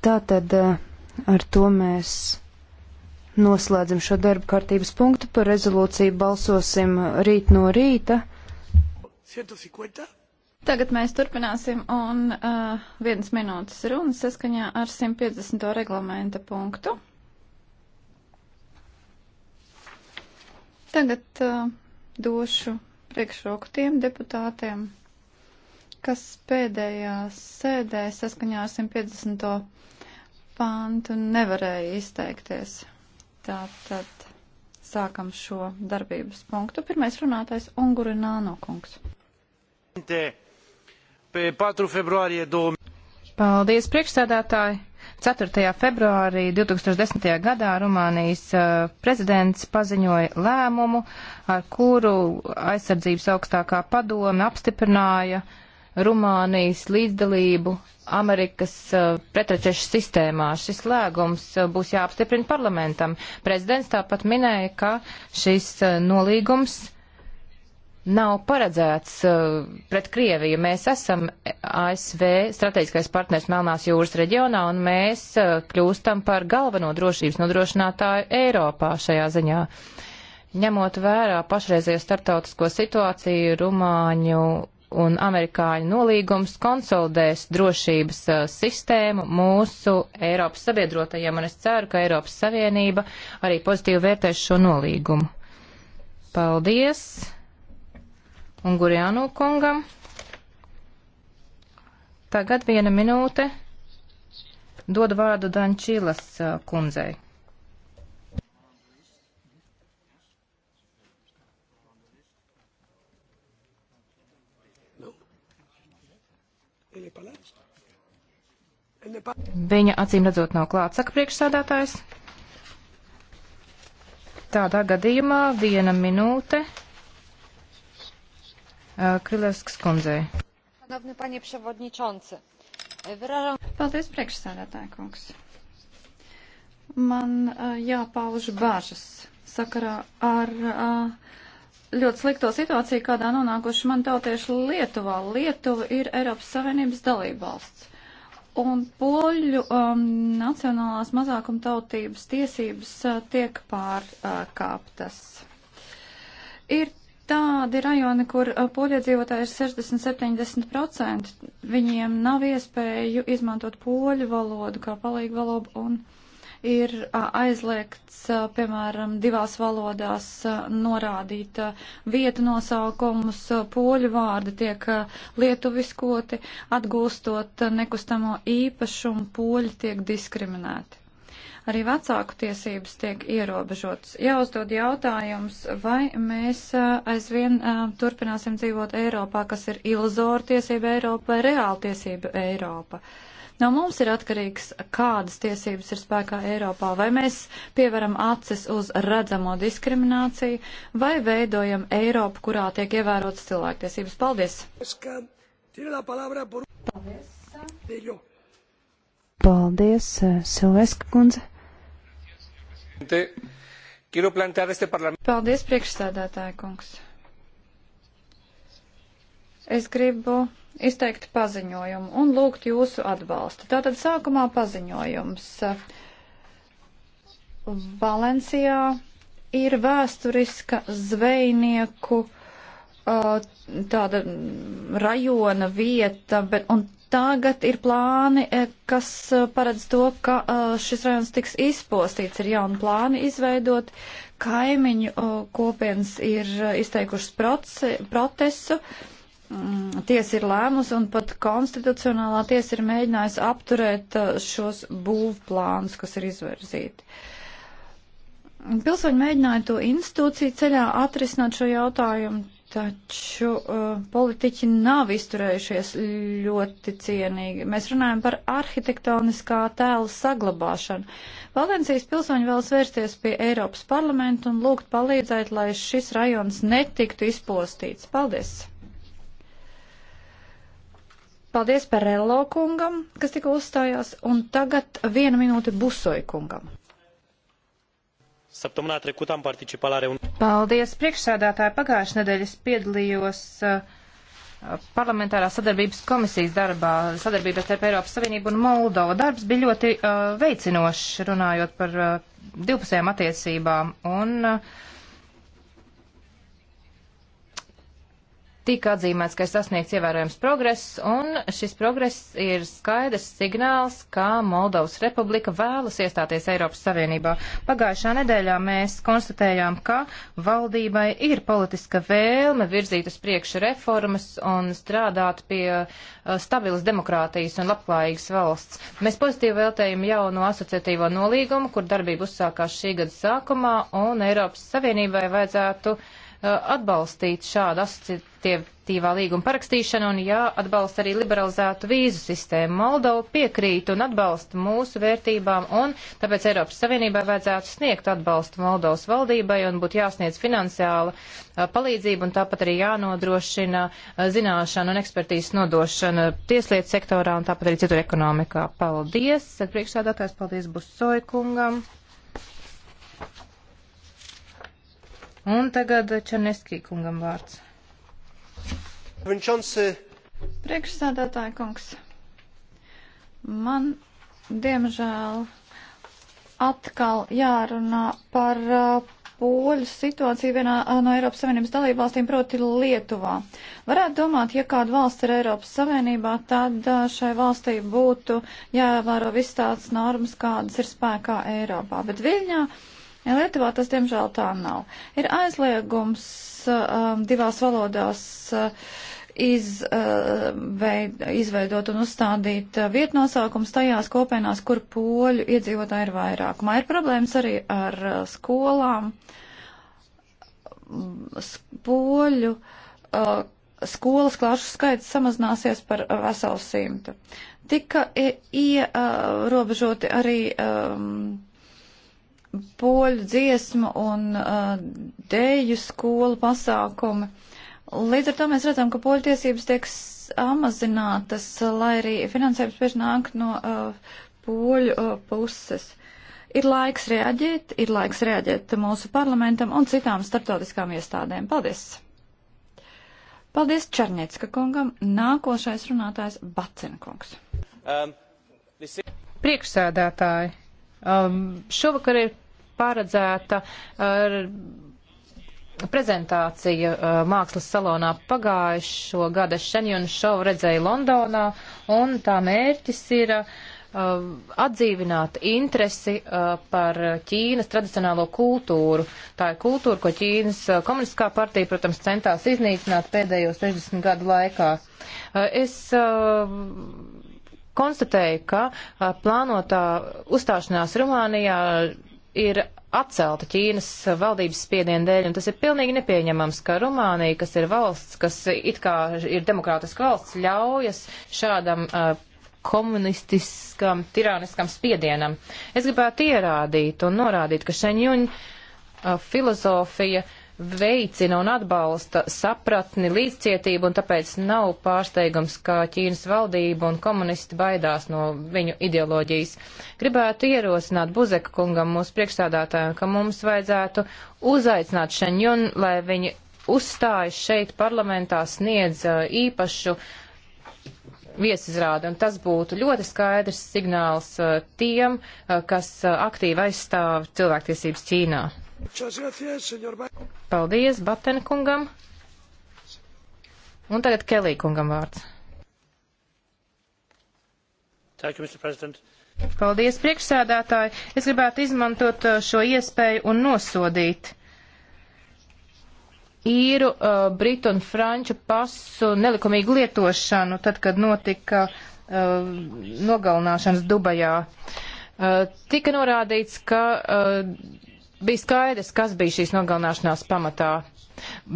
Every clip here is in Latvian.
Tātad eh, ar to mēs noslēdzam šo darbu kārtības punktu. Par rezolūciju balsosim eh, rīt no rīta. 150. Tagad mēs turpināsim un uh, eh, vienas minūtes runa saskaņā ar 150. reglamenta punktu. Tagad uh, došu priekšroku tiem deputātiem kas pēdējā sēdē saskaņā ar 150. pāntu nevarēja izteikties. Tātad sākam šo darbības punktu. Pirmais runātais Unguri Nāno kungs. Paldies, priekšsēdētāji! 4. februārī 2010. gadā Rumānijas uh, prezidents paziņoja lēmumu, ar kuru aizsardzības augstākā padome apstiprināja uh, Rumānijas līdzdalību Amerikas uh, pretraķešu sistēmā. Šis lēgums uh, būs jāapstiprina parlamentam. Prezidents tāpat minēja, ka šis uh, nolīgums nav paredzēts uh, pret Krieviju. Mēs esam ASV strateģiskais partners Melnās jūras reģionā un mēs uh, kļūstam par galveno drošības nodrošinātāju Eiropā šajā ziņā. Ņemot vērā pašreizējo startautisko situāciju, Rumāņu un amerikāņu nolīgums konsolidēs drošības uh, sistēmu mūsu Eiropas sabiedrotajiem, un es ceru, ka Eiropas Savienība arī pozitīvi vērtēs šo nolīgumu. Paldies Ungurjānu kungam. Tagad viena minūte. Dodu vārdu Dančīlas uh, kundzei. Viņa acīm redzot nav klāt, saka priekšsādātājs. Tādā gadījumā viena minūte Krilevskas kundzei. Paldies, priekšsādātāja kungs. Man jāpauž bažas sakarā ar ļoti slikto situāciju, kādā nonākuši man tautieši Lietuvā. Lietuva ir Eiropas Savienības dalībvalsts. Un poļu um, nacionālās mazākumtautības tiesības uh, tiek pārkāptas. Uh, ir tādi rajoni, kur uh, poļiedzīvotāji ir 60-70%. Viņiem nav iespēju izmantot poļu valodu kā palīgu valodu un uh, ir aizliegts, piemēram, divās valodās norādīt vietu nosaukumus, poļu vārdi tiek lietuviskoti, atgūstot nekustamo īpašumu, poļi tiek diskriminēti. Arī vecāku tiesības tiek ierobežotas. Jāuzdod jautājums, vai mēs aizvien turpināsim dzīvot Eiropā, kas ir iluzora tiesība Eiropa vai reāla tiesība Eiropa. Uh, No mums ir atkarīgs, kādas tiesības ir spēkā Eiropā, vai mēs pieveram acis uz redzamo diskrimināciju, vai veidojam Eiropu, kurā tiek ievērotas cilvēktiesības. Paldies! Paldies, Paldies eh, Silveska kundze! Paldies, priekšsēdētāja kungs! Es gribu izteikt paziņojumu un lūgt jūsu atbalstu. Tātad sākumā paziņojums. Valencijā ir vēsturiska zvejnieku tāda rajona vieta, bet, un tagad ir plāni, kas paredz to, ka šis rajons tiks izpostīts, ir jauni plāni izveidot, kaimiņu kopienas ir izteikušas procesu, protesu, protesu Mm, tiesa ir lēmusi un pat konstitucionālā tiesa ir mēģinājusi apturēt uh, šos būvplānus, kas ir izverzīti. Pilsoņi mēģināja to institūciju ceļā atrisināt šo jautājumu, taču uh, politiķi nav izturējušies ļoti cienīgi. Mēs runājam par arhitektoniskā tēla saglabāšanu. Valencijas pilsoņi vēlas vērsties pie Eiropas parlamentu un lūgt palīdzēt, lai šis rajons netiktu izpostīts. Paldies! Paldies par Rello kungam, kas tikko uzstājās, un tagad viena minūte Busoja kungam. Paldies, priekšsēdētāji. Pagājušajā nedēļā es piedalījos uh, parlamentārā sadarbības komisijas darbā, sadarbībā starp Eiropas Savienību un Moldova. Darbs bija ļoti uh, veicinošs, runājot par uh, divpusējām attiecībām. Un, uh, tika atzīmēts, ka ir sasniegts ievērojams progress, un šis progress ir skaidrs signāls, kā Moldovas republika vēlas iestāties Eiropas Savienībā. Pagājušā nedēļā mēs konstatējām, ka valdībai ir politiska vēlme virzīt uz priekšu reformas un strādāt pie uh, stabilas demokrātijas un labklājīgas valsts. Mēs pozitīvi vērtējam jauno asociatīvo nolīgumu, kur darbība uzsākās šī gada sākumā, un Eiropas Savienībai vajadzētu uh, Uh, atbalstīt šādu asociatīvā līguma parakstīšanu un jāatbalsta arī liberalizētu vīzu sistēmu. Moldova piekrīt un atbalsta mūsu vērtībām un tāpēc Eiropas Savienībai vajadzētu sniegt atbalstu Moldovas valdībai un būtu jāsniedz finansiāla uh, palīdzība un tāpat arī jānodrošina uh, zināšanu un ekspertīzes nodošana tieslietu sektorā un tāpat arī citur ekonomikā. Paldies! Priekšsādātājs paldies Busoikungam! Un tagad Černeskī kungam vārds. Priekšsādātāja kungs, man diemžēl atkal jārunā par uh, poļu situāciju vienā uh, no Eiropas Savienības dalībvalstīm, proti Lietuvā. Varētu domāt, ja kāda valsts ir Eiropas Savienībā, tad uh, šai valstī būtu jāievēro viss tāds normas, kādas ir spēkā Eiropā. Bet Viļņā uh, Lietuvā tas, diemžēl, tā nav. Ir aizliegums um, divās valodās. Uh, izveid, uh, izveidot un uzstādīt uh, vietnosaukums tajās kopienās, kur poļu iedzīvotāji ir vairākumā. Ir problēmas arī ar uh, skolām. Poļu skolas klāšu skaits samazināsies par veselu simtu. Tika ierobežoti arī. Um, poļu dziesmu un uh, dēļu skolu pasākumi. Līdz ar to mēs redzam, ka poļu tiesības tiek samazinātas, lai arī finansējums bieži nāk no uh, poļu uh, puses. Ir laiks reaģēt, ir laiks reaģēt mūsu parlamentam un citām starptautiskām iestādēm. Paldies! Paldies Čarniecka kungam. Nākošais runātājs Bacenkungs. Um, is... Priekšsēdētāji, Um, šovakar ir paredzēta ar uh, prezentācija uh, mākslas salonā pagājušo gada Šenjona šovu redzēju Londonā, un tā mērķis ir uh, atdzīvināt interesi uh, par Ķīnas tradicionālo kultūru. Tā ir kultūra, ko Ķīnas uh, komunistiskā partija, protams, centās iznīcināt pēdējo 60 gadu laikā. Uh, es konstatēju, ka plānotā uzstāšanās Rumānijā ir atcelta Ķīnas valdības spiediena dēļ, un tas ir pilnīgi nepieņemams, ka Rumānija, kas ir valsts, kas it kā ir demokrātiska valsts, ļaujas šādam uh, komunistiskam, tirāniskam spiedienam. Es gribētu ierādīt un norādīt, ka Šeņjuņa uh, filozofija uh, veicina un atbalsta sapratni, līdzcietību, un tāpēc nav pārsteigums, ka Ķīnas valdība un komunisti baidās no viņu ideoloģijas. Gribētu ierosināt Buzeka kungam, mūsu priekšstādātājiem, ka mums vajadzētu uzaicināt Šenjun, lai viņi uzstājas šeit parlamentā sniedz uh, īpašu viesizrādi, un tas būtu ļoti skaidrs signāls uh, tiem, uh, kas aktīvi aizstāv cilvēktiesības Ķīnā. Paldies Batenkungam. Un tagad Kelī kungam vārds. Thank you, Mr. President. Paldies, priekšsēdētāji. Es gribētu izmantot uh, šo iespēju un nosodīt īru, uh, britu un franču pasu nelikumīgu lietošanu, tad, kad notika uh, nogalināšanas Dubajā. Uh, tika norādīts, ka uh, bija skaidrs, kas bija šīs nogalināšanās pamatā.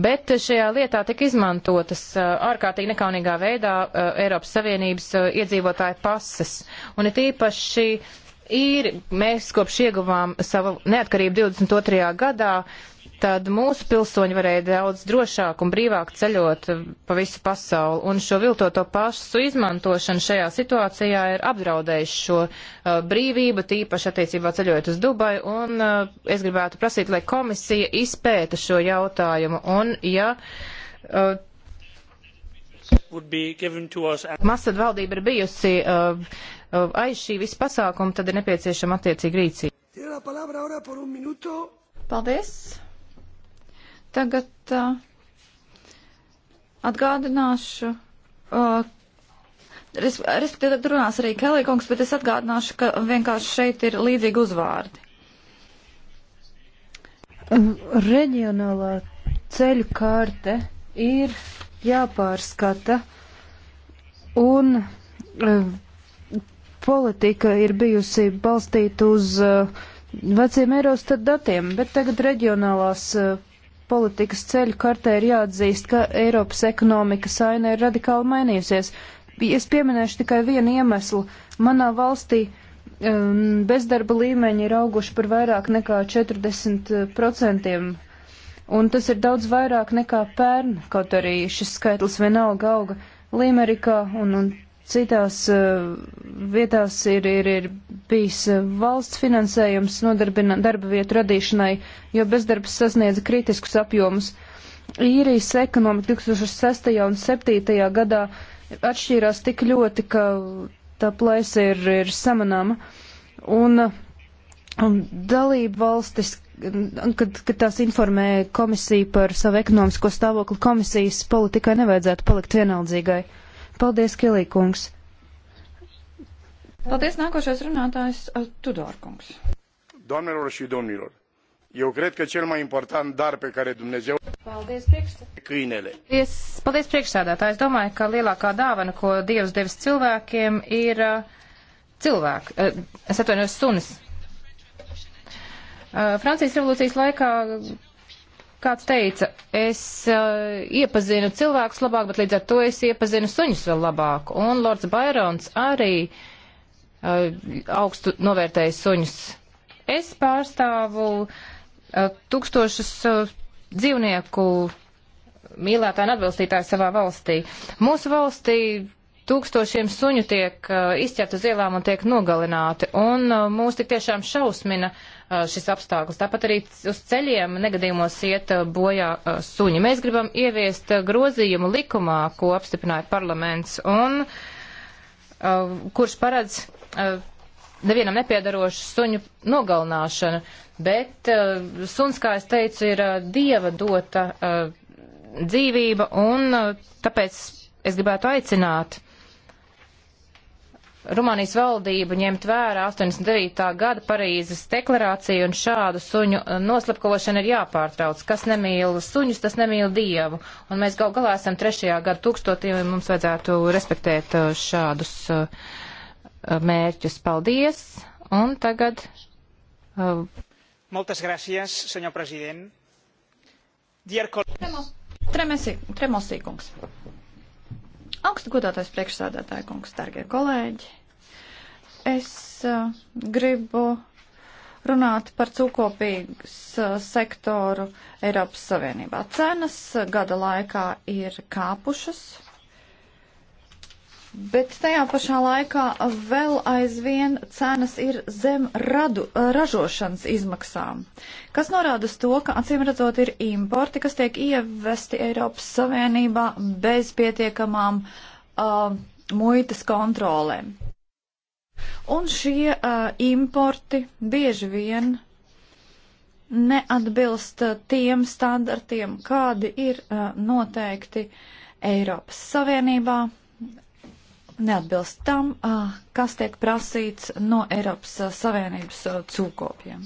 Bet šajā lietā tika izmantotas uh, ārkārtīgi nekaunīgā veidā uh, Eiropas Savienības uh, iedzīvotāju pases. Un it īpaši īri mēs kopš ieguvām savu neatkarību 22. gadā tad mūsu pilsoņi varēja daudz drošāk un brīvāk ceļot pa visu pasauli. Un šo viltoto pasu izmantošana šajā situācijā ir apdraudējuši šo uh, brīvību, tīpaši attiecībā ceļojot uz Dubai. Un uh, es gribētu prasīt, lai komisija izpēta šo jautājumu. Un, ja, uh, Masad valdība ir bijusi uh, uh, aiz šī visa pasākuma, tad ir nepieciešama attiecīga rīcība. Paldies! Tagad uh, atgādināšu, uh, respektīvi tad runās arī Kelīkungs, bet es atgādināšu, ka vienkārši šeit ir līdzīgi uzvārdi. Um, reģionālā ceļu kārte ir jāpārskata un um, politika ir bijusi balstīta uz uh, veciem Eurostat datiem, bet tagad reģionālās uh, politikas ceļu kartē ir jāatzīst, ka Eiropas ekonomika saina ir radikāli mainījusies. Es pieminēšu tikai vienu iemeslu. Manā valstī um, bezdarba līmeņi ir auguši par vairāk nekā 40%, un tas ir daudz vairāk nekā pērn, kaut arī šis skaitlis vienalga auga Limerikā un, un Citās eh, vietās ir, ir, ir bijis eh, valsts finansējums darba vietu radīšanai, jo bezdarbs sasniedza kritiskus apjomus. Īrijas ekonomika 2006. un 2007. gadā atšķīrās tik ļoti, ka tā plaisa ir, ir samanāma. Un, eh, un dalība valstis, kad, kad tās informē komisiju par savu ekonomisko stāvokli, komisijas politikai nevajadzētu palikt vienaldzīgai. Uh, Paldies, Kilīkungs! Paldies, nākošais runātājs uh, Tudorkungs. Doamnelor și domnilor, eu cred că cel mai important dar pe care Dumnezeu Paldies, priekšsēdētāji. E paldies, paldies priekšsēdētāji. Es domāju, ka lielākā dāvana, ko Dievs devis cilvēkiem, ir uh, cilvēki. Uh, es atvainojos, sunis. Francijas revolūcijas laikā Kāds teica, es uh, iepazinu cilvēkus labāk, bet līdz ar to es iepazinu suņus vēl labāk. Un Lords Bairons arī uh, augstu novērtēja suņus. Es pārstāvu uh, tūkstošus uh, dzīvnieku mīlētāji un atbalstītāji savā valstī. Mūsu valstī tūkstošiem suņu tiek uh, izķert uz ielām un tiek nogalināti, un uh, mūs tik tiešām šausmina uh, Uh, šis apstākļus. Tāpat arī uz ceļiem negadījumos iet uh, bojā uh, suņi. Mēs gribam ieviest grozījumu likumā, ko apstiprināja parlaments, un kurš paredz nevienam nepiedarošu suņu nogalināšanu, bet suns, kā es teicu, ir dieva dota dzīvība, un tāpēc es gribētu aicināt Rumānijas valdību ņemt vērā 89. gada Parīzes deklarāciju un šādu suņu eh, noslapkološanu ir jāpārtrauc. Kas nemīl suņus, tas nemīl dievu. Un mēs gal galā esam trešajā gada tūkstotī un mums vajadzētu respektēt eh, šādus eh, mērķus. Paldies! Un tagad. Moltes gràcies, senyor president. Dier... Tremosīkungs. Augstu godātais priekšsādātāja kungs, dargie kolēģi, es uh, gribu runāt par cūkopīgas uh, sektoru Eiropas Savienībā. Cenas eh, gada laikā ir kāpušas Bet tajā pašā laikā vēl aizvien cenas ir zem radu, ražošanas izmaksām, kas norāda uz to, ka acīm redzot ir importi, kas tiek ievesti Eiropas Savienībā bez pietiekamām uh, muitas kontrolēm. Un šie uh, importi bieži vien neatbilst tiem standartiem, kādi ir uh, noteikti Eiropas Savienībā neatbilst tam, kas tiek prasīts no Eiropas Savienības cūkopiem.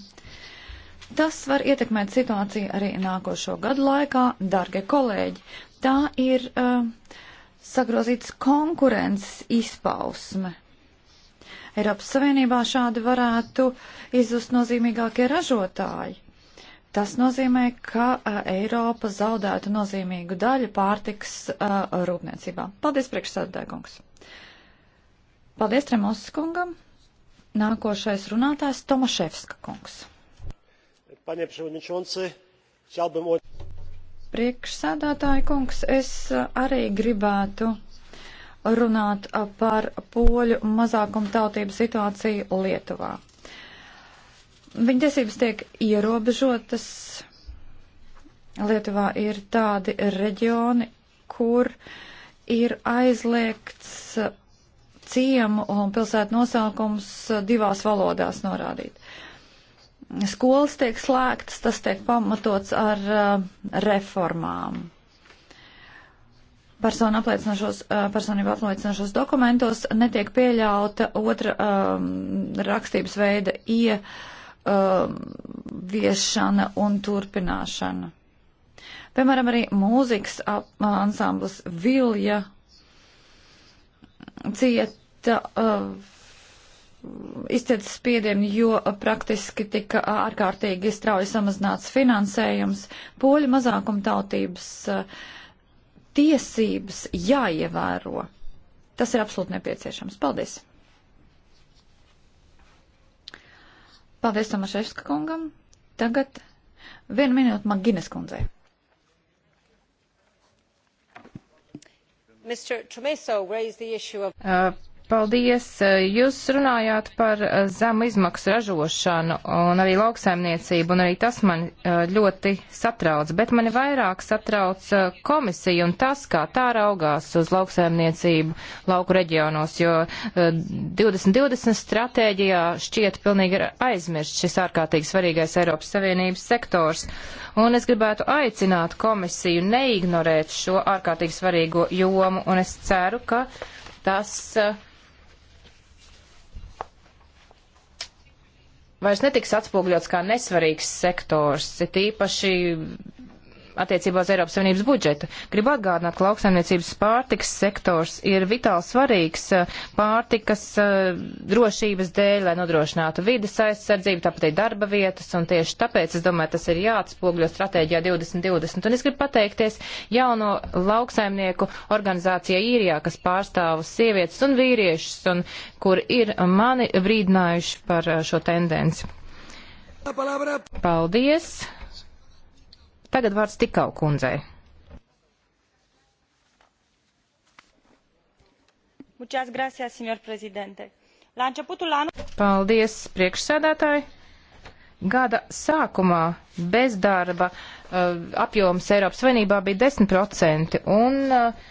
Tas var ietekmēt situāciju arī nākošo gadu laikā, darbie kolēģi. Tā ir uh, sagrozītas konkurences izpausme. Eiropas Savienībā šādi varētu izzust nozīmīgākie ražotāji. Tas nozīmē, ka uh, Eiropa zaudētu nozīmīgu daļu pārtiks uh, rūpniecībā. Paldies, priekšsādātājkungs! Paldies Tremosas kungam. Nākošais runātājs Tomaševska kungs. Paņem šodien, ķelbam otru. Priekšsēdētāji kungs, es uh, arī gribētu runāt uh, par poļu mazākumtautību situāciju Lietuvā. Viņa tiesības tiek ierobežotas. Lietuvā ir tādi reģioni, kur ir aizliegts uh, ciemu un pilsētu nosaukums divās valodās norādīt. Skolas tiek slēgtas, tas tiek pamatots ar uh, reformām. Personu apliecinošos, uh, eh, personību apliecinošos dokumentos netiek pieļauta otra um, rakstības veida ieviešana ehm, um, un turpināšana. Piemēram, arī mūzikas eh, ansamblis Vilja cieta uh, izcietas spiedienu, jo praktiski tika ārkārtīgi strauji samazināts finansējums. Poļu mazākumtautības uh, tiesības jāievēro. Tas ir absolūti nepieciešams. Paldies! Paldies Tomaševska kungam. Tagad vienu minūtu man Gines kundzei. Mr. Tomeso raised the issue of uh, Paldies! Jūs runājāt par eh, zemu izmaksu ražošanu un arī lauksaimniecību, un arī tas man eh, ļoti satrauc, bet mani vairāk satrauc eh, komisija un tas, kā tā raugās uz lauksaimniecību lauku reģionos, jo 2020 stratēģijā šķiet pilnīgi aizmirst šis ārkārtīgi svarīgais Eiropas Savienības sektors. Un es gribētu aicināt komisiju neignorēt šo ārkārtīgi svarīgo jomu, un es ceru, ka tas uh, vairs netiks atspūgļots kā nesvarīgs sektors, ir tīpaši attiecībā uz Eiropas Savienības budžetu. Gribu atgādināt, ka lauksaimniecības pārtiks sektors ir vitāli svarīgs eh, pārtikas eh, drošības dēļ, lai nodrošinātu vides aizsardzību, tāpat arī darba vietas, un tieši tāpēc, es domāju, tas ir jāatspogļo stratēģijā 2020. Un es gribu pateikties jauno lauksaimnieku organizācija īrijā, kas pārstāv sievietes un vīriešus, un kur ir mani brīdinājuši par eh, šo tendenci. Paldies! Tagad vārds tikau kundzei. Paldies, priekšsēdētāji! Gada sākumā bezdarba uh, apjoms Eiropas Savienībā bija 10% un uh,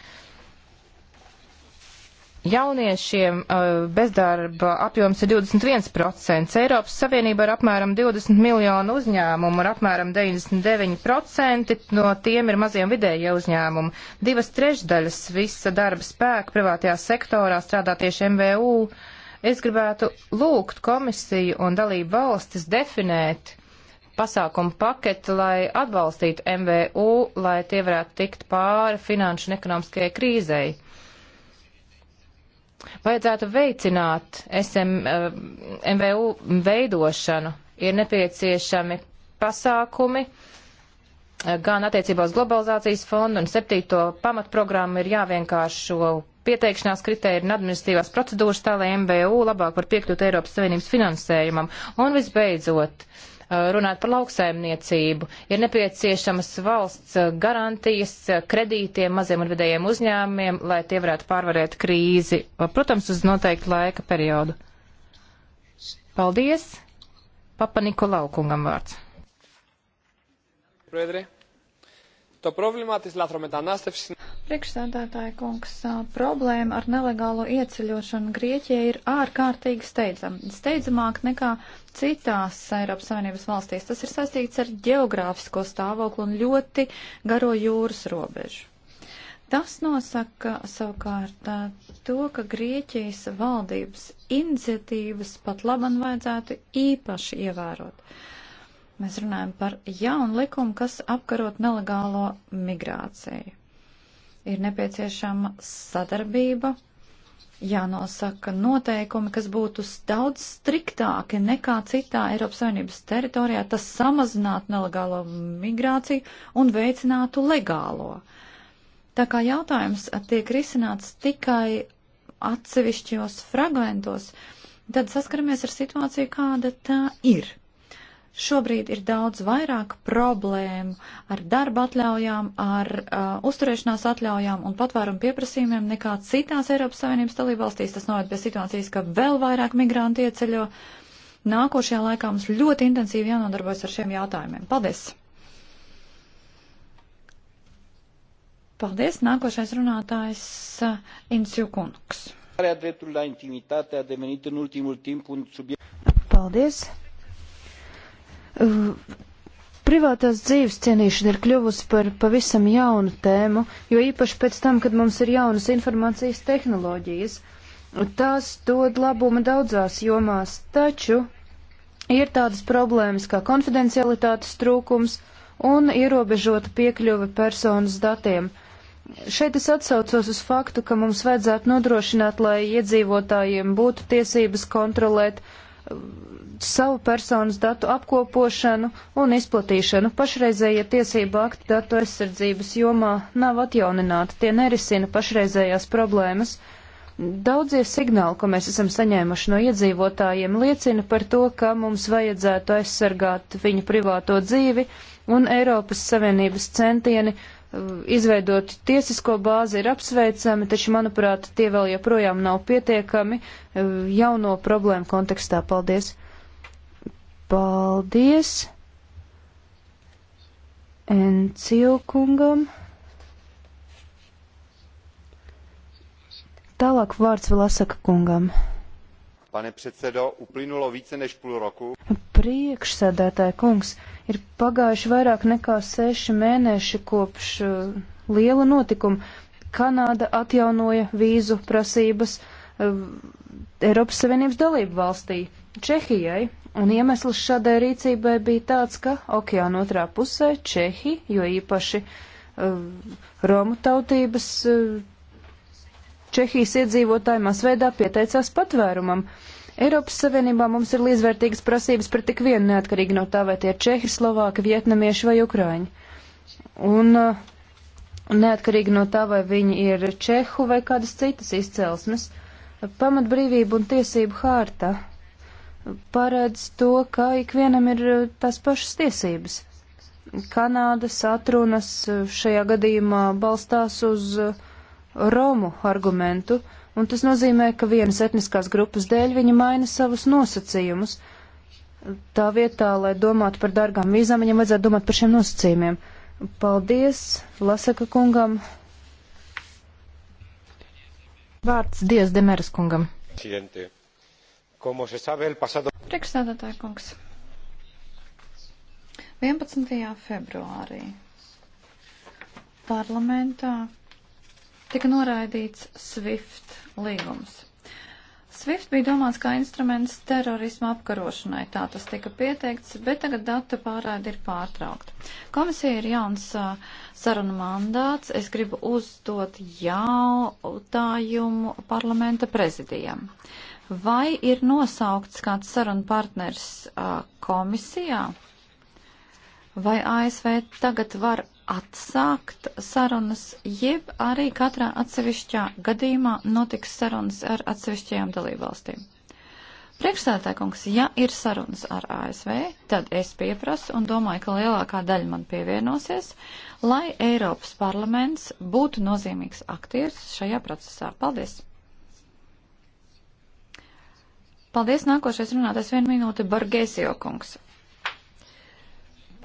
Jauniešiem uh, bezdarba apjoms ir 21%. Eiropas Savienība ir apmēram 20 miljonu uzņēmumu un apmēram 99% no tiem ir maziem vidējie uzņēmumi. Divas trešdaļas visa darba spēka privātajā sektorā strādā tieši MVU. Es gribētu lūgt komisiju un dalību valstis definēt pasākumu paketi, lai atbalstītu MVU, lai tie varētu tikt pāri finanšu un ekonomiskajai krīzei. Vajadzētu veicināt SM, eh, MVU veidošanu. Ir nepieciešami pasākumi eh, gan attiecībā uz globalizācijas fondu un septīto pamatprogrammu ir jāvienkāršo pieteikšanās kritērija un administratīvās procedūras tā, lai MBU labāk var piekļūt Eiropas Savienības finansējumam. Un visbeidzot, uh, Uh, runāt par lauksaimniecību. Ir nepieciešamas valsts uh, garantijas uh, kredītiem maziem un vidējiem uzņēmumiem, lai tie varētu pārvarēt krīzi, protams, uz noteiktu laika periodu. Paldies! Papa Nikolau kungam vārds. Prodre. To problēmā tas lātrometaināstevs. Priekšsēdētāja kungs, problēma ar nelegālo ieceļošanu Grieķijai ir ārkārtīgi steidzam, steidzamāk nekā citās Eiropas Savienības valstīs. Tas ir saistīts ar geogrāfisko stāvokli un ļoti garo jūras robežu. Tas nosaka savukārt to, ka Grieķijas valdības iniciatīvas pat laban vajadzētu īpaši ievērot. Uh, Mēs runājam par jaunu likumu, kas apkarot nelegālo migrāciju. Ir nepieciešama sadarbība, jānosaka noteikumi, kas būtu daudz striktāki nekā citā Eiropas Savienības teritorijā. Tas samazinātu nelegālo migrāciju un veicinātu legālo. Tā kā jautājums tiek risināts tikai atsevišķos fragmentos, tad saskaramies ar situāciju, kāda tā ir. Šobrīd ir daudz vairāk problēmu ar darba atļaujām, ar uh, uzturēšanās atļaujām un patvērumu pieprasījumiem nekā citās Eiropas Savienības dalībvalstīs. Tas noved pie situācijas, ka vēl vairāk migranti ieceļo. Nākošajā laikā mums ļoti intensīvi jānodarbojas ar šiem jautājumiem. Paldies! Paldies! Nākošais runātājs uh, Insjukunks. Paldies! Privātās dzīves cienīšana ir kļuvusi par pavisam jaunu tēmu, jo īpaši pēc tam, kad mums ir jaunas informācijas tehnoloģijas, tās dod labumu daudzās jomās, taču ir tādas problēmas kā konfidencialitātes trūkums un ierobežota piekļuve personas datiem. Šeit es atsaucos uz faktu, ka mums vajadzētu nodrošināt, lai iedzīvotājiem būtu tiesības kontrolēt savu personas datu apkopošanu un izplatīšanu. Pašreizējie tiesība akti datu aizsardzības jomā nav atjaunināti, tie nerisina pašreizējās problēmas. Daudzie signāli, ko mēs esam saņēmuši no iedzīvotājiem, liecina par to, ka mums vajadzētu aizsargāt viņu privāto dzīvi un Eiropas Savienības centieni uh, izveidot tiesisko bāzi ir apsveicami, taču, manuprāt, tie vēl joprojām nav pietiekami uh, jauno problēmu kontekstā. Paldies! Paldies Encilkungam. Tālāk vārds vēl Asaka kungam. Pane předsedo, uplynulo více než půl roku. Priekšsēdētāja kungs, ir pagājuši vairāk nekā seši mēneši kopš uh, liela notikuma. Kanāda atjaunoja vīzu prasības uh, Eiropas Savienības dalību valstī, Čehijai, Un iemesls šādai rīcībai bija tāds, ka okeāna otrā pusē Čehi, jo īpaši uh, Romu tautības uh, Čehijas iedzīvotāji masveidā pieteicās patvērumam. Eiropas Savienībā mums ir līdzvērtīgas prasības pret tik vienu neatkarīgi no tā, vai tie ir Čehi, Slovāki, Vietnamieši vai Ukraiņi. Un uh, neatkarīgi no tā, vai viņi ir Čehu vai kādas citas izcelsmes, pamatbrīvība un tiesību hārta paredz to, ka ikvienam ir uh, tās pašas tiesības. Kanādas atrunas uh, šajā gadījumā balstās uz uh, Romu argumentu, un tas nozīmē, ka vienas etniskās grupas dēļ viņi maina savus nosacījumus. Tā vietā, lai domātu par dārgām vīzām, viņam vajadzētu domāt par šiem nosacījumiem. Paldies Lasaka kungam. Vārds Dievs Demeras kungam. Cientie. Pasado... Priekšsēdētāja kungs. 11. februārī parlamentā tika noraidīts SWIFT līgums. SWIFT bija domāts kā instruments terorisma apkarošanai, tā tas tika pieteikts, bet tagad data pārēda ir pārtraukta. Komisija ir jauns uh, saruna mandāts, es gribu uzdot jautājumu parlamenta prezidijam. Uh, Vai ir nosaukts kāds sarunu partners uh, komisijā? Vai ASV tagad var atsākt sarunas, jeb arī katrā atsevišķā gadījumā notiks sarunas ar atsevišķajām dalībvalstīm? Priekšsēdētājkungs, ja ir sarunas ar ASV, tad es pieprasu un domāju, ka lielākā daļa man pievienosies, lai Eiropas parlaments būtu nozīmīgs aktieris šajā procesā. Paldies! Paldies, nākošais runātājs vienu minūti Bargēsio kungs.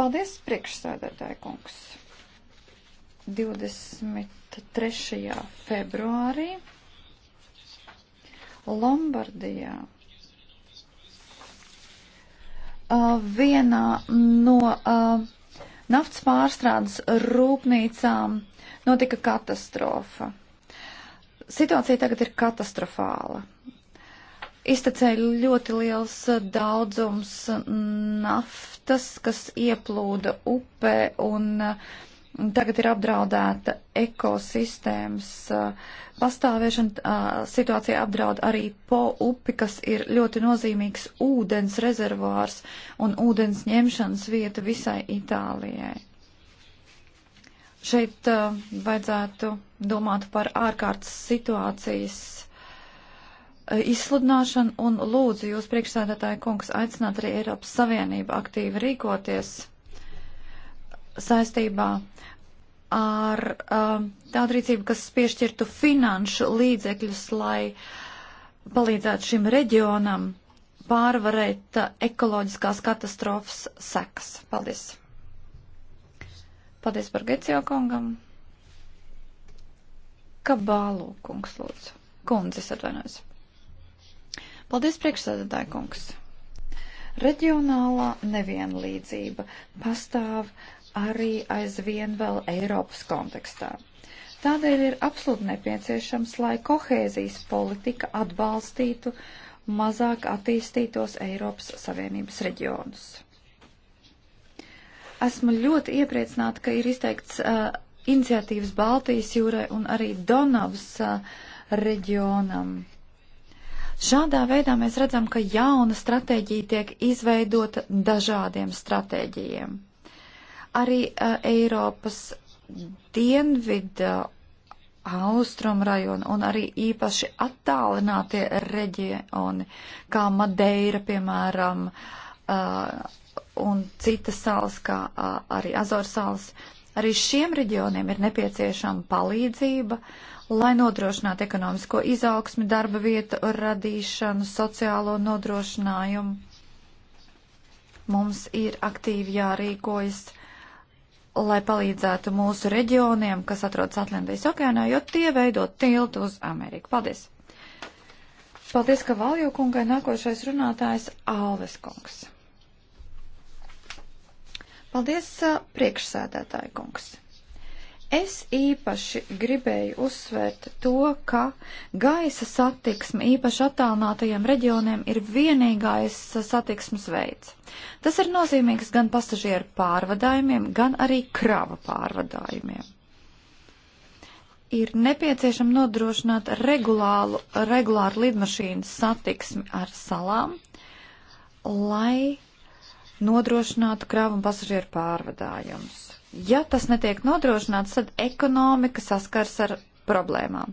Paldies, priekšsēdētāji kungs. 23. februārī Lombardijā vienā no naftas pārstrādes rūpnīcām notika katastrofa. Situācija tagad ir katastrofāla. Iztecēja ļoti liels eh, daudzums eh, naftas, kas ieplūda upē un eh, tagad ir apdraudēta ekosistēmas pastāvēšana. Situācija apdraud arī po upi, kas ir ļoti nozīmīgs ūdens rezervārs un ūdens ņemšanas vieta visai Itālijai. Šeit vajadzētu domāt par ārkārtas situācijas Eh, izsludināšanu un lūdzu jūs priekšsēdētāju kungs aicināt arī Eiropas Savienību aktīvi rīkoties saistībā ar um, tādu rīcību, kas piešķirtu finanšu līdzekļus, lai palīdzētu šim reģionam pārvarēt eh, ekoloģiskās katastrofas sekas. Paldies! Paldies par Gecio kungam. Kabālu kungs lūdzu. Kundzes atvainojas. Paldies, priekšsēdētāji kungs. Reģionālā nevienlīdzība pastāv arī aizvien vēl Eiropas kontekstā. Tādēļ ir absolūti nepieciešams, lai kohēzijas politika atbalstītu mazāk attīstītos Eiropas Savienības reģionus. Esmu ļoti iepriecināta, ka ir izteikts uh, iniciatīvas Baltijas jūrai un arī Donavas uh, reģionam. Uh, Šādā veidā mēs redzam, ka jauna stratēģija tiek izveidota dažādiem stratēģijiem. Arī uh, Eiropas dienvidu austrumu rajonu un arī īpaši attālinātie reģioni, kā Madeira, piemēram, uh, un citas salas, kā uh, arī Azorsalas. Arī šiem reģioniem ir nepieciešama palīdzība, lai nodrošinātu ekonomisko izaugsmi, darba vietu radīšanu, sociālo nodrošinājumu. Mums ir aktīvi jārīkojas, lai palīdzētu mūsu reģioniem, kas atrodas Atlantijas okeānā, jo tie veido tiltu uz Ameriku. Paldies! Paldies, ka Valjo kungai nākošais runātājs Alves kungs. Paldies, priekšsēdētāji kungs. Es īpaši gribēju uzsvērt to, ka gaisa satiksme īpaši attālinātajiem reģioniem ir vienīgais satiksmes veids. Tas ir nozīmīgs gan pasažieru pārvadājumiem, gan arī krava pārvadājumiem. Ir nepieciešama nodrošināt regulālu, regulāru lidmašīnu satiksmi ar salām, lai nodrošinātu kravu un pasažieru pārvadājumus Ja tas netiek nodrošināts, tad ekonomika saskars ar problēmām.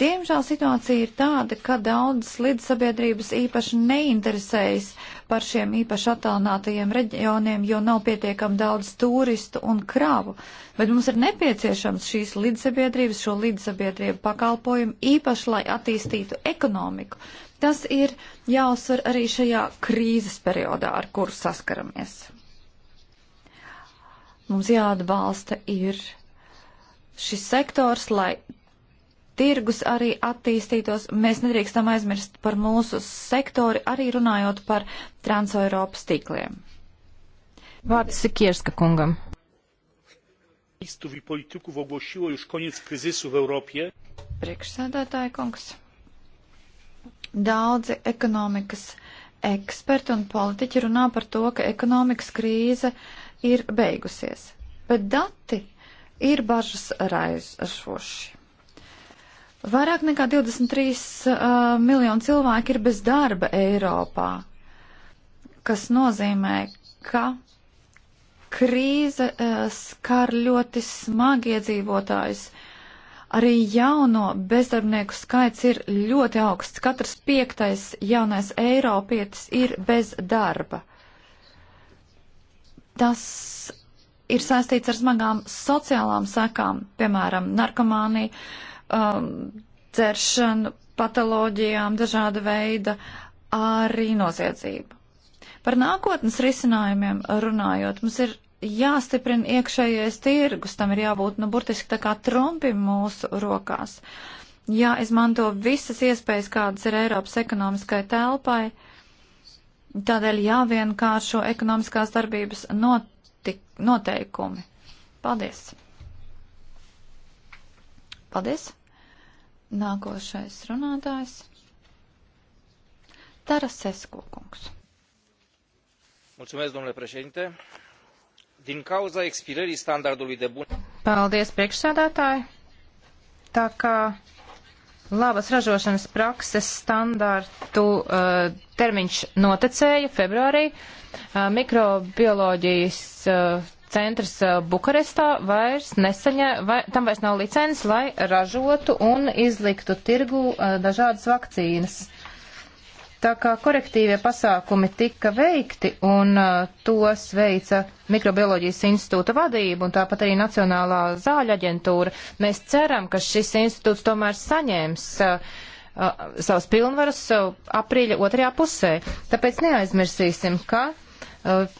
Diemžēl situācija ir tāda, ka daudzas lidsabiedrības īpaši neinteresējas par šiem īpaši attālinātajiem reģioniem, jo nav pietiekami daudz turistu un kravu. Bet mums ir nepieciešams šīs lidsabiedrības, šo lidsabiedrību pakalpojumu īpaši, lai attīstītu ekonomiku. Tas ir jāuzsver arī šajā krīzes periodā, ar kuru saskaramies. Mums jāatbalsta ir šis sektors, lai tirgus arī attīstītos. Mēs nedrīkstam aizmirst par mūsu sektori, arī runājot par Transeiropas tīkliem. Vārds Sikierska kungam. Priekšsēdētāja kungs. Daudzi ekonomikas eksperti un politiķi runā par to, ka ekonomikas krīze uh, ir beigusies, bet dati ir bažas raizoši. Vairāk nekā 23 uh, miljoni cilvēki ir bez darba Eiropā, kas nozīmē, ka krīze uh, skar ļoti smagi iedzīvotājus. Arī jauno bezdarbnieku skaits ir ļoti augsts. Katrs piektais jaunais Eiropietis ir bez darba. Tas ir saistīts ar smagām sociālām sekām, piemēram, narkomāniju, um, dzeršanu, patoloģijām, dažāda veida arī noziedzību. Par nākotnes risinājumiem runājot, mums ir jāstiprina iekšējais tirgus, tam ir jābūt, nu, burtiski tā kā trompim mūsu rokās. Jāizmanto visas iespējas, kādas ir Eiropas ekonomiskai telpai, uh, Tādēļ jāvienkāršo ekonomiskās darbības notik, noteikumi. Paldies! Paldies! Nākošais runātājs - Tarasesku kungs. Mulțumesc, domnule președinte. Din cauza expirării standardului de bun. Paldies, priekšsēdētāji. Tā kā labas ražošanas prakses standārtu uh, eh, termiņš noticēja februārī uh, mikrobioloģijas uh, centrs Bukarestā vairs nesaņa, vai, tam vairs nav licences, lai ražotu un izliktu tirgu dažādas vakcīnas. Tā kā korektīvie pasākumi tika veikti un uh, tos veica Mikrobioloģijas institūta vadība un tāpat arī Nacionālā zāļa aģentūra, mēs ceram, ka šis institūts tomēr saņēms uh, uh, savus pilnvarus uh, aprīļa otrajā pusē. Tāpēc neaizmirsīsim, ka uh,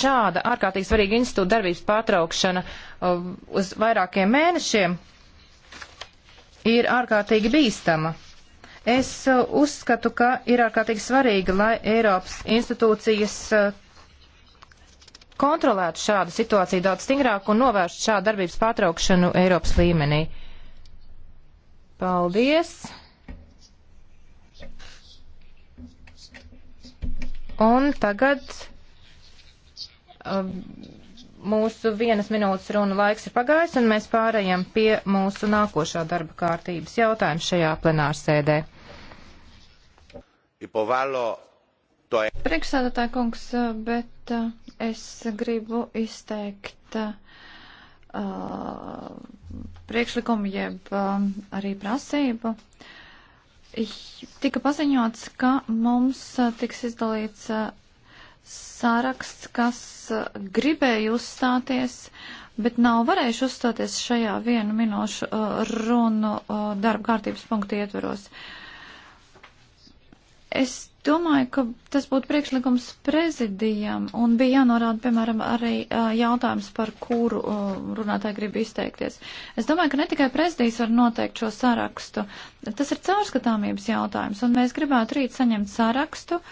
šāda ārkārtīgi svarīga institūta darbības pārtraukšana uh, uz vairākiem mēnešiem ir ārkārtīgi bīstama. Es uh, uzskatu, ka ir ārkārtīgi svarīgi, lai Eiropas institūcijas uh, kontrolētu šādu situāciju daudz stingrāk un novērstu šādu darbības pārtraukšanu Eiropas līmenī. Paldies! Un tagad. Um, mūsu vienas minūtes runu laiks ir pagājis, un mēs pārējām pie mūsu nākošā darba kārtības jautājuma šajā plenārsēdē. E- Priekšsēdētā kungs, bet uh, es gribu izteikt uh, priekšlikumu jeb uh, arī prasību. Tika paziņots, ka mums uh, tiks izdalīts uh, saraksts, kas eh, gribēja uzstāties, bet nav varējuši uzstāties šajā vienu minūšu eh, runu eh, darba kārtības punktu ietveros. Es Domāju, ka tas būtu priekšlikums prezidijam, un bija jānorāda, piemēram, arī jautājums, par kuru runātāji grib izteikties. Es domāju, ka ne tikai prezidijs var noteikt šo sarakstu. Tas ir caurskatāmības jautājums, un mēs gribētu rīt saņemt sarakstu.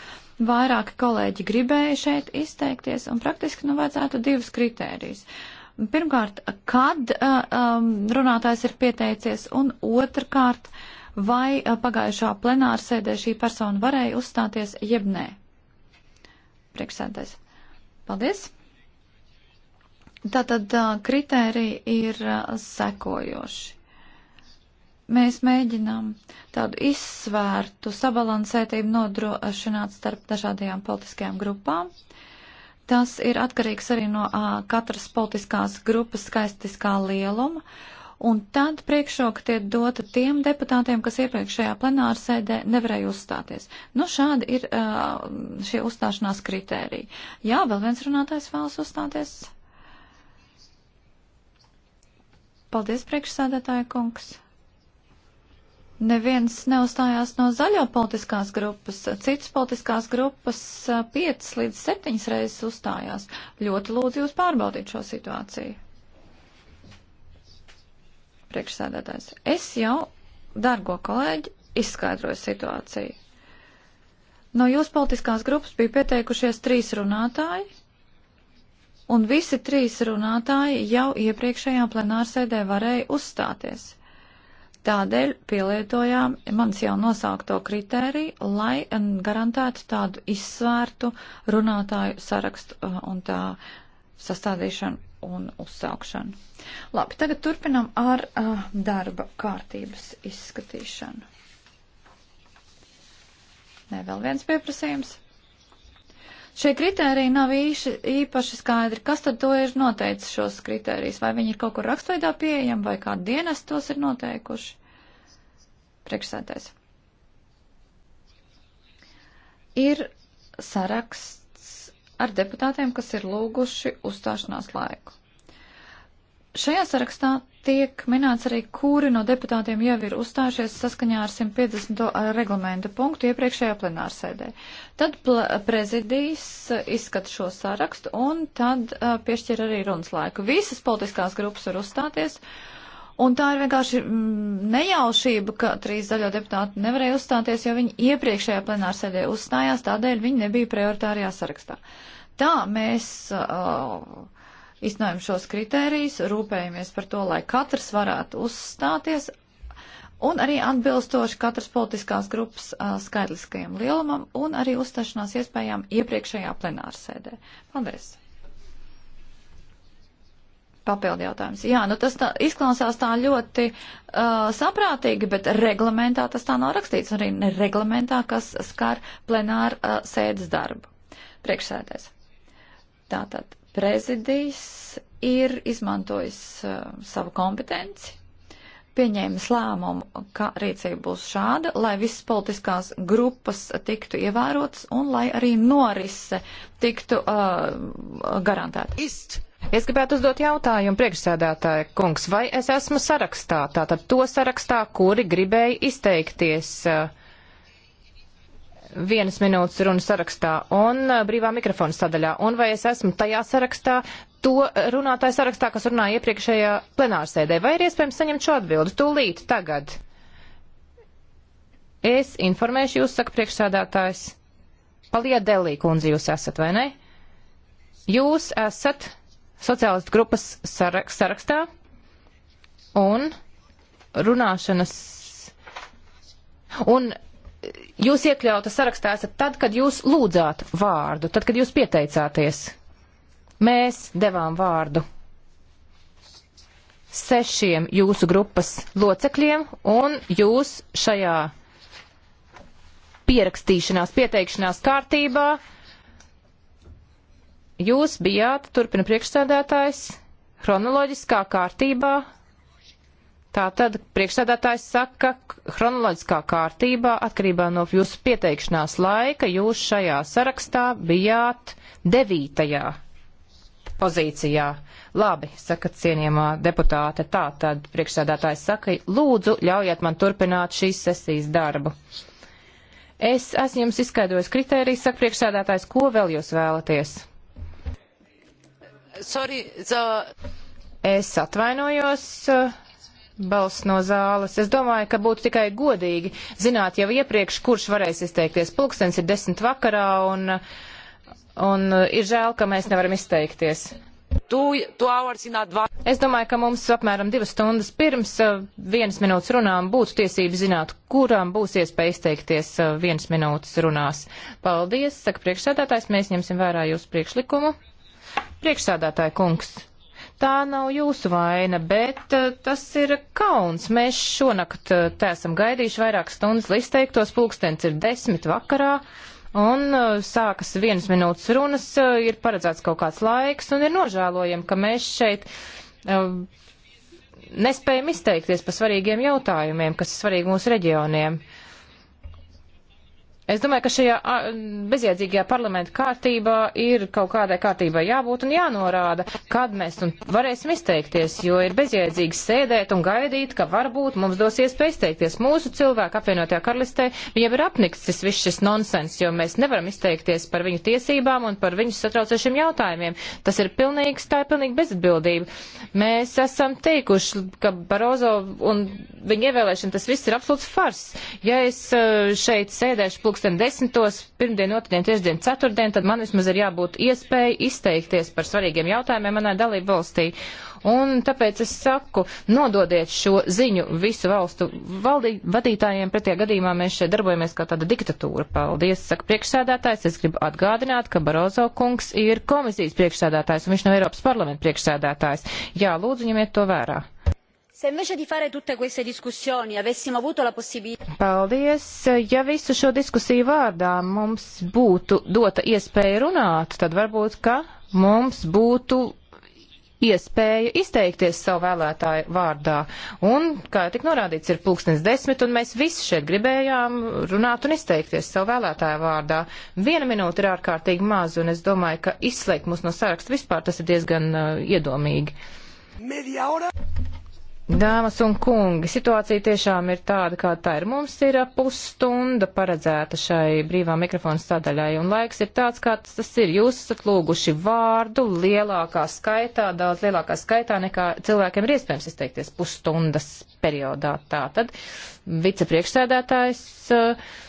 Vairāki kolēģi gribēja šeit izteikties, un praktiski nu vajadzētu divas kritērijas. Pirmkārt, kad um, runātājs ir pieteicies, un otrkārt, uh, vai eh, pagājušā plenāra sēdē šī persona varēja uzstāties, jeb nē. Priekšsēdēs. Paldies! Tātad eh, kritēriji ir eh, sekojoši. Mēs mēģinām tādu izsvērtu sabalansētību nodrošināt starp dažādajām politiskajām grupām. Tas ir atkarīgs arī no a, katras politiskās grupas skaistiskā lieluma. Uh, un tad priekšroka tiek dota tiem deputātiem, kas iepriekšējā plenāra sēdē nevarēja uzstāties. Nu, šādi ir uh, šie uzstāšanās kritēriji. Jā, vēl viens runātājs vēlas uzstāties. Paldies, priekšsēdētāja kungs. Neviens neuzstājās no zaļo politiskās grupas, citas politiskās grupas piecas līdz septiņas reizes uzstājās. Ļoti lūdzu jūs pārbaudīt šo situāciju priekšsēdētājs. Es jau, dargo kolēģi, izskaidroju situāciju. No jūsu politiskās grupas bija pieteikušies trīs runātāji, un visi trīs runātāji jau iepriekšējā plenārsēdē varēja uzstāties. Tādēļ pielietojām mans jau nosaukto kritēriju, lai um, garantētu tādu izsvērtu runātāju sarakstu uh, un tā sastādīšanu un uzsākšanu. Labi, tagad turpinam ar uh, darba kārtības izskatīšanu. Nē, vēl viens pieprasījums. Šie kriteriji nav īši, īpaši skaidri. Kas tad to ir noteicis šos kriterijus? Vai viņi ir kaut kur rakstveidā pieejami, vai kādi dienas tos ir noteikuši? Priekšsēdēs. Ir saraksts ar deputātiem, kas ir lūguši uzstāšanās laiku. Šajā sarakstā tiek minēts arī, kuri no deputātiem jau ir uzstājušies saskaņā ar 150. reglamenta punktu iepriekšējā plenārsēdē. Tad prezidijs izskata šo sarakstu un tad uh, piešķir arī runas laiku. Visas politiskās grupas var uzstāties. Uh, Un tā ir vienkārši mm, nejaušība, ka trīs daļo deputāti nevarēja uzstāties, jo viņi iepriekšējā plenāra sēdē uzstājās, tādēļ viņi nebija prioritārajā sarakstā. Tā mēs uh, iznājam šos kritērijus, rūpējamies par to, lai katrs varētu uzstāties un arī atbilstoši katras politiskās grupas uh, skaitliskajam lielumam un arī uzstāšanās iespējām iepriekšējā plenāra sēdē. Paldies! Papildi jautājums. Jā, nu tas tā, izklausās tā ļoti uh, saprātīgi, bet reglamentā tas tā nav rakstīts, arī ne reglamentā, kas skar plenāru uh, sēdes darbu. Priekšsēdēs. Tātad prezidijs ir izmantojis uh, savu kompetenci, pieņēmis lēmumu, ka rīcība būs šāda, lai visas politiskās grupas tiktu ievērotas un lai arī norise tiktu uh, garantēta. Es gribētu uzdot jautājumu priekšsēdētāja kungs, vai es esmu sarakstā, tātad to sarakstā, kuri gribēja izteikties eh, vienas minūtes runu sarakstā un eh, brīvā mikrofona sadaļā, un vai es esmu tajā sarakstā, to runātāju sarakstā, kas runāja iepriekšējā plenārsēdē, vai ir iespējams saņemt šo atbildi tūlīt tagad? Es informēšu jūs, saka priekšsēdētājs. Paliedēlī kundze jūs esat, vai ne? Jūs esat sociālistu grupas sarak sarakstā un runāšanas. Un jūs iekļauta sarakstā esat tad, kad jūs lūdzāt vārdu, tad, kad jūs pieteicāties. Mēs devām vārdu sešiem jūsu grupas locekļiem, un jūs šajā pierakstīšanās, pieteikšanās kārtībā uh, Jūs bijāt, turpina priekšsēdētājs, chronoloģiskā kārtībā. Tātad priekšsēdētājs saka, chronoloģiskā kārtībā, atkarībā no jūsu pieteikšanās laika, jūs šajā sarakstā bijāt devītajā pozīcijā. Labi, saka cienījamā deputāte, tā tad priekšsēdētājs saka, lūdzu, ļaujiet man turpināt šīs sesijas darbu. Es esmu jums izskaidrojis kritērijas, saka priekšsēdētājs, ko vēl jūs vēlaties? Sorry, the... Es atvainojos. Uh, balss no zāles. Es domāju, ka būtu tikai godīgi zināt jau iepriekš, kurš varēs izteikties. Pulkstens ir desmit vakarā un, un eh, ir žēl, ka mēs nevaram izteikties. Two, two es domāju, ka mums apmēram divas stundas pirms eh, vienas minūtes runām būtu tiesības zināt, kurām būs iespēja izteikties vienas minūtes runās. Paldies, saka priekšsēdētājs, mēs ņemsim vērā jūsu priekšlikumu. Priekšsādātāja kungs, tā nav jūsu vaina, bet eh, tas ir kauns. Mēs šonakt eh, te esam gaidījuši vairākas stundas, lai izteiktos, pulkstens ir desmit vakarā. Un eh, sākas vienas minūtes runas, ir paredzēts kaut kāds laiks, un ir nožēlojami, ka mēs šeit nespējam izteikties par svarīgiem jautājumiem, kas ir svarīgi mūsu reģioniem. Uh, Es domāju, ka šajā bezjēdzīgajā parlamenta kārtībā ir kaut kādai kārtībai jābūt un jānorāda, kad mēs varēsim izteikties, jo ir bezjēdzīgi sēdēt un gaidīt, ka varbūt mums dos iespēja izteikties. Mūsu cilvēki apvienotajā karalistē, viņiem ir apniksis viss šis nonsens, jo mēs nevaram izteikties par viņu tiesībām un par viņu satraucošiem jautājumiem. Tas ir pilnīgs, tā ir pilnīgi bezatbildība. Mēs esam teikuši, ka Barozo un viņa ievēlēšana tas viss ir absolūts fars. Ja es šeit sēdēšu pulksten desmitos, pirmdien, otrdien, trešdien, ceturtdien, tad man vismaz ir jābūt iespēja izteikties par svarīgiem jautājumiem manai dalību valstī. Un tāpēc es saku, nododiet šo ziņu visu valstu valdī, vadītājiem, pretie gadījumā mēs šeit darbojamies kā tāda diktatūra. Paldies, saka priekšsēdētājs. Es gribu atgādināt, ka Barozo kungs ir komisijas priekšsēdētājs un viņš nav Eiropas parlamenta priekšsēdētājs. Jā, lūdzu, ņemiet to vērā. Se invece di fare tutte queste discussioni avessimo avuto la possibilità. Paldies! Ja visu šo diskusiju vārdā mums būtu dota iespēja runāt, tad varbūt, ka mums būtu iespēja izteikties savu vēlētāju vārdā. Un, kā jau tik norādīts, ir pulkstens desmit, un mēs visi šeit gribējām runāt un izteikties savu vēlētāju vārdā. Viena minūte ir ārkārtīgi maz, un es domāju, ka izslēgt mūs no saraksta vispār tas ir diezgan uh, iedomīgi. Media hora. Dāmas un kungi, situācija tiešām ir tāda, kā tā ir. Mums ir pusstunda paredzēta šai brīvā mikrofona sadaļai, un laiks ir tāds, kā tas ir. Jūs esat lūguši vārdu lielākā skaitā, daudz lielākā skaitā, nekā cilvēkiem ir iespējams izteikties pusstundas periodā. Tātad vicepriekšsēdētājs. Uh,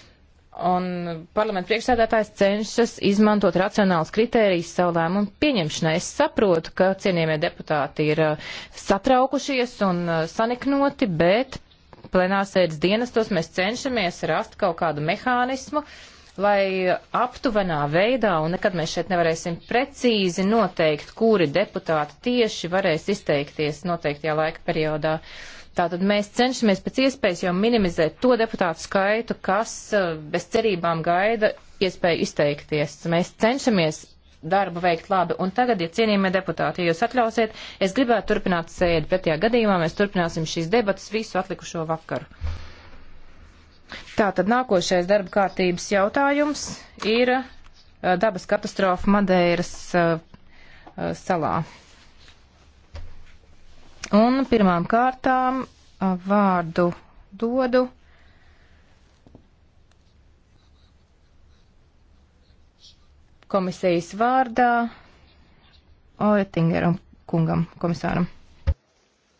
Un parlamenta priekšsēdētājs cenšas izmantot racionāls kritērijs savu lēmumu pieņemšanai. Es saprotu, ka cienījamie deputāti ir uh, satraukušies un uh, saniknoti, bet plenārsēdes dienestos mēs cenšamies rast kaut kādu mehānismu, lai aptuvenā veidā, un nekad mēs šeit nevarēsim precīzi noteikt, kuri deputāti tieši varēs izteikties noteiktajā laika periodā. Uh, Tātad mēs cenšamies pēc iespējas jau minimizēt to deputātu skaitu, kas eh, bez cerībām gaida iespēju izteikties. Mēs cenšamies darbu veikt labi. Un tagad, ja cienījamie deputāti, ja jūs atļausiet, es gribētu turpināt sēdi. Pretējā gadījumā mēs turpināsim šīs debatas visu atlikušo vakaru. Tātad nākošais darba kārtības jautājums ir eh, dabas katastrofa Madeiras eh, salā. Un pirmām kārtām vārdu dodu komisijas vārdā Oettingeram kungam, komisāram.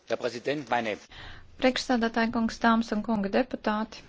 Priekšsēdētāji kungs, dāmas un kunga deputāti.